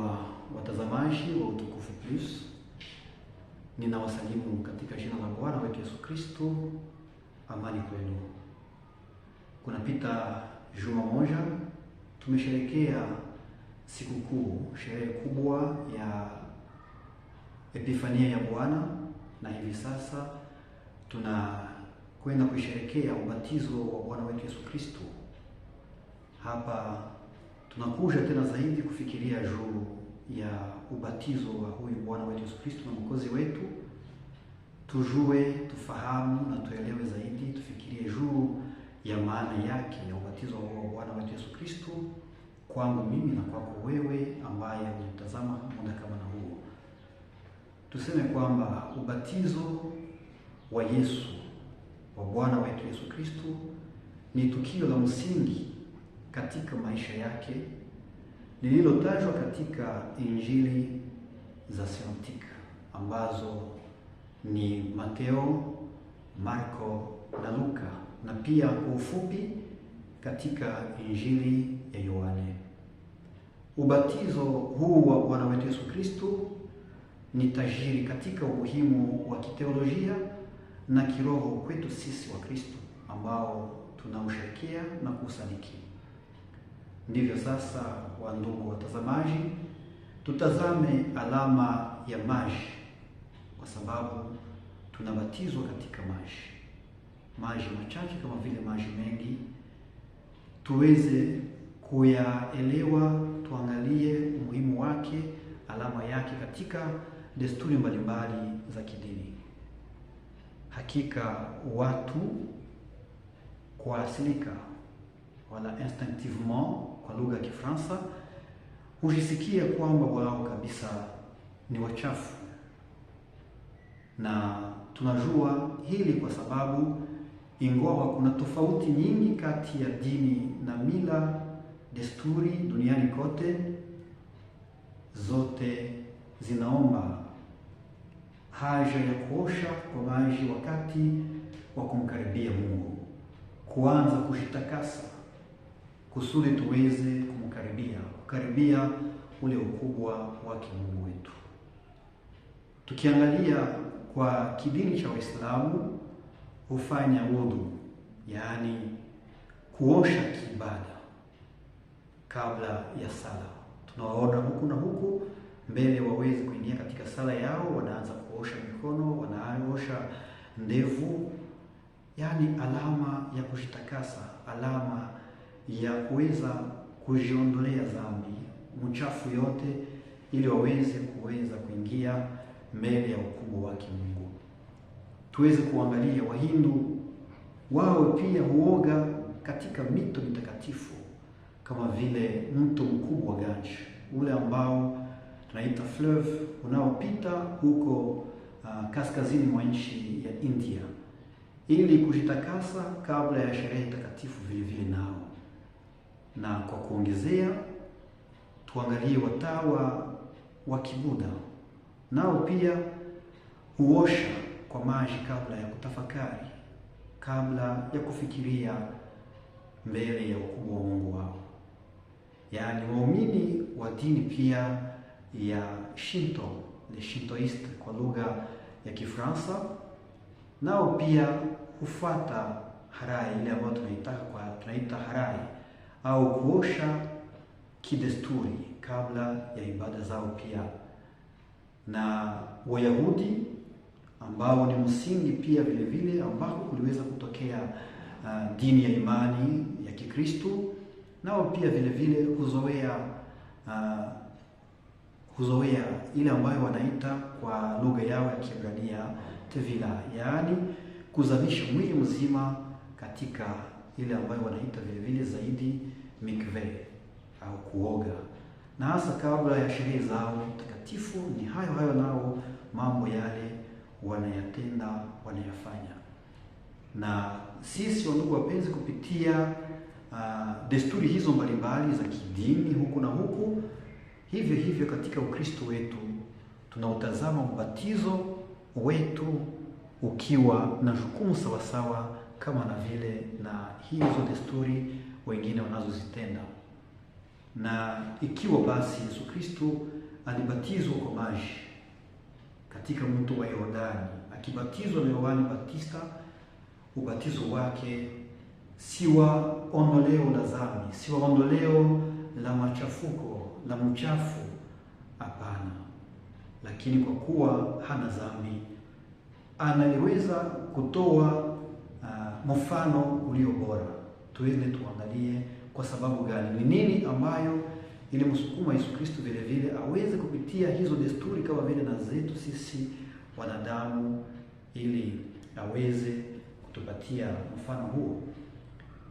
Wapendwa watazamaji wa Utukufu Plus, ninawasalimu katika jina la Bwana wetu Yesu Kristo. Amani kwenu. Kunapita juma moja, tumesherekea sikukuu, sherehe kubwa ya Epifania ya Bwana, na hivi sasa tunakwenda kuisherekea ubatizo wa Bwana wetu Yesu Kristo hapa Tunakuja tena zaidi kufikiria juu ya ubatizo wa huyu Bwana wetu Yesu Kristo na Mwokozi wetu, tujue, tufahamu na tuelewe zaidi, tufikirie juu ya maana yake ya ubatizo wa Bwana wetu Yesu Kristo kwangu mimi na kwako wewe ambaye unitazama muda kama na huo. Tuseme kwamba ubatizo wa Yesu wa Bwana wetu Yesu Kristo ni tukio la msingi katika maisha yake lililotajwa katika Injili za Sinoptika ambazo ni Mateo, Marko na Luka na pia kwa ufupi katika Injili ya Yohane. Ubatizo huu wa Bwana wetu Yesu Kristo ni tajiri katika umuhimu wa kiteolojia na kiroho kwetu sisi wa Kristo ambao tunausherekea na kuusadiki. Ndivyo sasa, wa ndugu watazamaji, tutazame alama ya maji, kwa sababu tunabatizwa katika maji, maji machache kama vile maji mengi. Tuweze kuyaelewa, tuangalie umuhimu wake, alama yake katika desturi mbalimbali za kidini. Hakika watu kuasilika wala instinctivement kwa lugha ya Kifaransa, hujisikia kwamba wao kabisa ni wachafu, na tunajua hili kwa sababu ingawa kuna tofauti nyingi kati ya dini na mila desturi duniani kote, zote zinaomba haja ya kuosha kwa maji wakati wa kumkaribia Mungu, kuanza kujitakasa kusudi tuweze kumkaribia, kukaribia ule ukubwa wa kimungu wetu. Tukiangalia kwa kidini cha Waislamu hufanya wudhu, yaani kuosha kiibada kabla ya sala. Tunawaona huku na huku mbele, waweze kuingia katika sala yao, wanaanza kuosha mikono, wanaosha ndevu, yaani alama ya kujitakasa, alama ya kuweza kujiondolea dhambi uchafu yote, ili waweze kuweza kuingia mbele ya ukubwa wa Mungu. Tuweze kuangalia Wahindu wao pia huoga katika mito mitakatifu kama vile mto mkubwa Ganges ule ambao tunaita fleuve unaopita huko uh, kaskazini mwa nchi ya India ili kujitakasa kabla ya sherehe takatifu vile vile nao na kwa kuongezea, tuangalie watawa wa Kibudha, nao pia huosha kwa maji kabla ya kutafakari, kabla ya kufikiria mbele ya ukubwa wa Mungu wao. Yaani waumini wa dini pia ya Shinto, le Shintoist kwa lugha ya Kifaransa, nao pia hufata harai ile ambayo tunaita kwa tunaita harai au kuosha kidesturi kabla ya ibada zao pia. Na Wayahudi ambao ni msingi pia vile vile ambako kuliweza kutokea uh, dini ya imani ya Kikristo, nao pia vile vile huzoea uh, huzoea ile ambayo wanaita kwa lugha yao ya Kiebrania tevila, yaani kuzamisha mwili mzima katika ile ambayo wanaita vile vile zaidi mikve au kuoga, na hasa kabla ya sherehe zao takatifu. Ni hayo hayo nao mambo yale wanayatenda wanayafanya. Na sisi wandugu wapenzi, kupitia uh, desturi hizo mbalimbali za kidini huku na huku, hivyo hivyo katika Ukristo wetu tunautazama ubatizo wetu ukiwa na jukumu sawasawa kama na vile na hizo desturi wengine wanazozitenda. Na ikiwa basi Yesu Kristo alibatizwa kwa maji katika mto wa Yordani, akibatizwa na yohani Batista, ubatizo wake si wa ondoleo la dhambi, si wa ondoleo la machafuko la mchafu, hapana, lakini kwa kuwa hana dhambi anaweza kutoa mfano ulio bora. Tuende tuangalie kwa sababu gani, ni nini ambayo ilimsukuma Yesu Kristo vile vile aweze kupitia hizo desturi kama vile na zetu sisi wanadamu, ili aweze kutupatia mfano huo.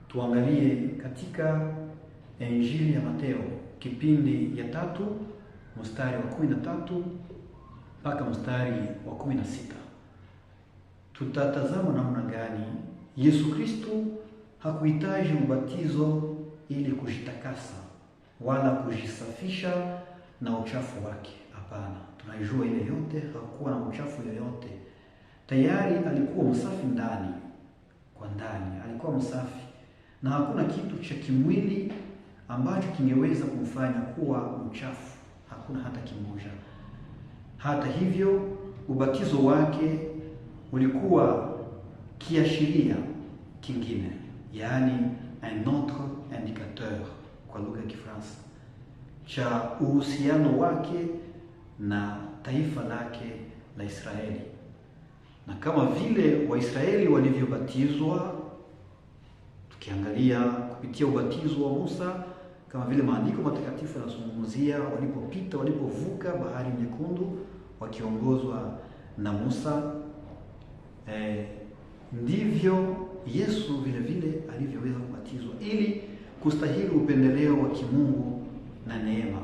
Tuangalie katika Injili ya Mateo kipindi ya tatu mstari wa kumi na tatu mpaka mstari wa kumi na sita tutatazama namna gani Yesu Kristo hakuhitaji ubatizo ili kujitakasa wala kujisafisha na uchafu wake. Hapana, tunajua ile yote, hakuwa na uchafu yoyote. Tayari alikuwa msafi ndani kwa ndani, alikuwa msafi na hakuna kitu cha kimwili ambacho kingeweza kumfanya kuwa mchafu, hakuna hata kimoja. Hata hivyo, ubatizo wake ulikuwa kiashiria kingine, yaani un autre indicateur kwa lugha ya Kifaransa, cha uhusiano wake na taifa lake la Israeli. Na kama vile Waisraeli walivyobatizwa, tukiangalia kupitia ubatizo wa Musa, kama vile maandiko matakatifu yanazungumzia walipopita, walipovuka bahari nyekundu wakiongozwa na Musa eh, ndivyo Yesu vile vile alivyoweza kubatizwa ili kustahili upendeleo wa kimungu na neema.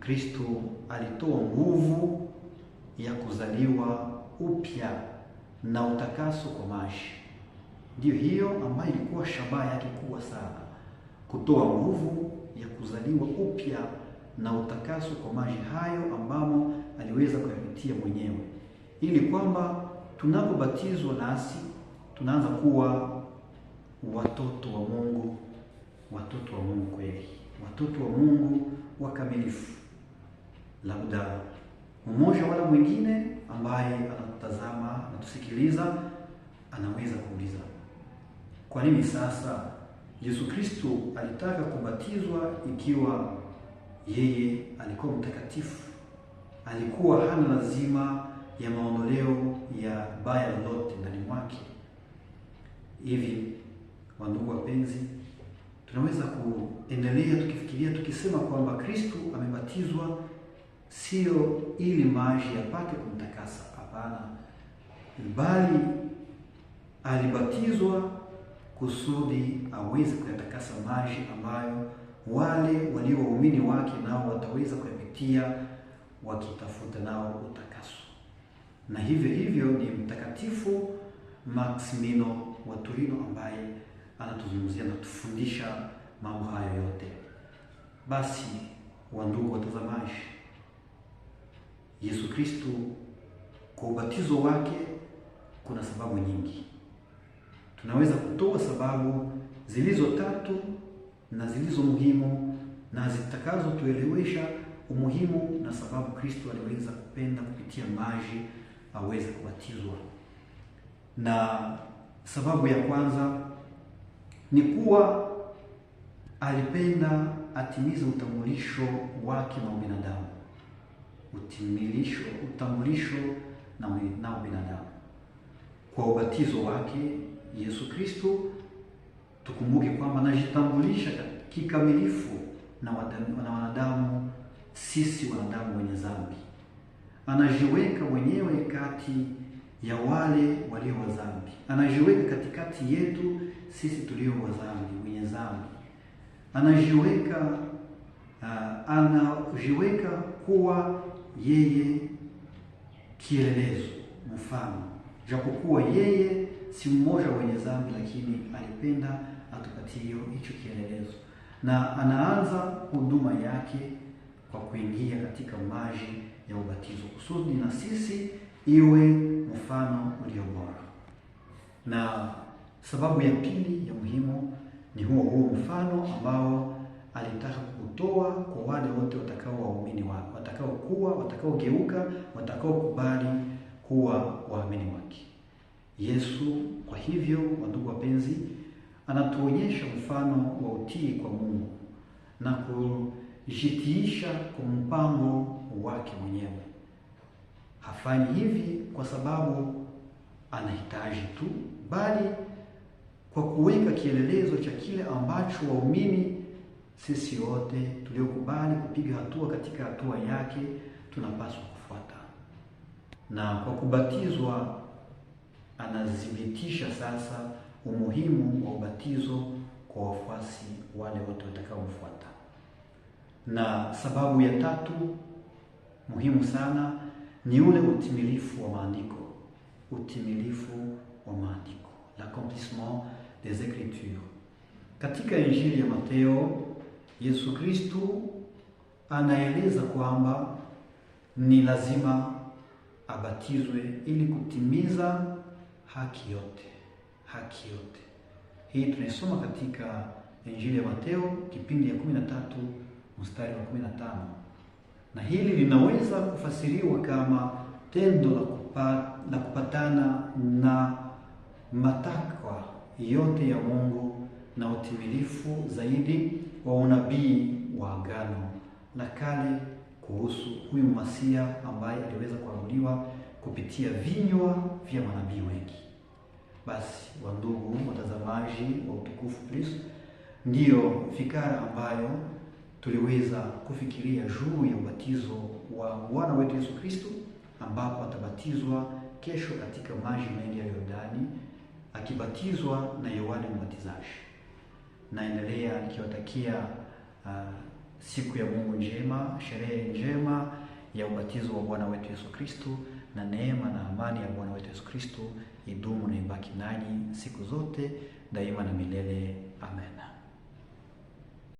Kristo alitoa nguvu ya kuzaliwa upya na utakaso kwa maji. Ndiyo hiyo ambayo ilikuwa shabaha yake kubwa sana, kutoa nguvu ya kuzaliwa upya na utakaso kwa maji hayo ambamo aliweza kuyapitia mwenyewe ili kwamba tunapobatizwa nasi tunaanza kuwa watoto wa Mungu, watoto wa Mungu kweli, watoto wa Mungu wakamilifu. Labda mmoja wala mwingine ambaye anatutazama anatusikiliza, anaweza kuuliza kwa nini sasa Yesu Kristo alitaka kubatizwa ikiwa yeye alikuwa mtakatifu, alikuwa hana lazima ya maondoleo ya baya lolote ndani mwake. Hivi wandugu wapenzi, tunaweza kuendelea tukifikiria tukisema kwamba Kristu amebatizwa sio ili maji yapate kumtakasa, hapana, bali alibatizwa kusudi aweze kuyatakasa maji ambayo wale walio waumini wake nao wataweza kuyapitia wakitafuta nao utakasa na hivyo hivyo ni Mtakatifu Maximino wa Turino ambaye anatuzungumzia na kutufundisha mambo hayo yote. Basi wandugu watazamaji, Yesu kristu kwa ubatizo wake kuna sababu nyingi. Tunaweza kutoa sababu zilizo tatu na zilizo muhimu na zitakazotuelewesha umuhimu na sababu Kristo aliweza kupenda kupitia maji aweze kubatizwa. Na sababu ya kwanza ni kuwa alipenda atimize utambulisho wake na ubinadamu, utimilisho utambulisho na, na ubinadamu kwa ubatizo wake Yesu Kristo. Tukumbuke kwamba anajitambulisha kikamilifu na wanadamu, sisi wanadamu wenye dhambi anajiweka mwenyewe kati ya wale walio wadhambi, anajiweka katikati yetu sisi tulio wadhambi, wenye dhambi, anajiweka uh, anajiweka kuwa yeye kielelezo, mfano, japokuwa yeye si mmoja wenye dhambi, lakini alipenda atupatie hicho kielelezo, na anaanza huduma yake kwa kuingia katika maji ya ubatizo kusudi na sisi iwe mfano ulio bora. Na sababu ya pili ya muhimu ni huo huo mfano ambao alitaka kutoa kwa wale wote watakao waumini wake, watakaokuwa watakaogeuka, watakaokubali kuwa waamini wake. Yesu kwa hivyo, wandugu wapenzi, anatuonyesha mfano wa utii kwa Mungu na kujitiisha kwa mpango wake mwenyewe. Hafanyi hivi kwa sababu anahitaji tu, bali kwa kuweka kielelezo cha kile ambacho waumini sisi wote tuliokubali kupiga hatua katika hatua yake tunapaswa kufuata. Na kwa kubatizwa anathibitisha sasa umuhimu wa ubatizo kwa wafuasi wale wote watakaomfuata. Na sababu ya tatu muhimu sana ni ule utimilifu wa maandiko, utimilifu wa maandiko, l'accomplissement des Écritures. Katika Injili ya Mateo, Yesu Kristu anaeleza kwamba ni lazima abatizwe ili kutimiza haki yote, haki yote. Hii tunaisoma katika Injili ya Mateo kipindi ya 13 mstari wa 15 na hili linaweza kufasiriwa kama tendo la, kupa, la kupatana na matakwa yote ya Mungu na utimilifu zaidi wa unabii wa Agano la Kale kuhusu huyu Masia ambaye aliweza kuamuliwa kupitia vinywa vya manabii wengi. Basi wandugu watazamaji wa Utukufu Kristo, ndiyo fikara ambayo tuliweza kufikiria juu ya ubatizo wa Bwana wetu Yesu Kristo, ambapo atabatizwa kesho katika maji mengi ya Yordani, akibatizwa na Yohane Mbatizaji. Naendelea nikiwatakia uh, siku ya Mungu njema, sherehe njema ya ubatizo wa Bwana wetu Yesu Kristo, na neema na amani ya Bwana wetu Yesu Kristo idumu na ibaki nanyi siku zote daima na milele. Amen.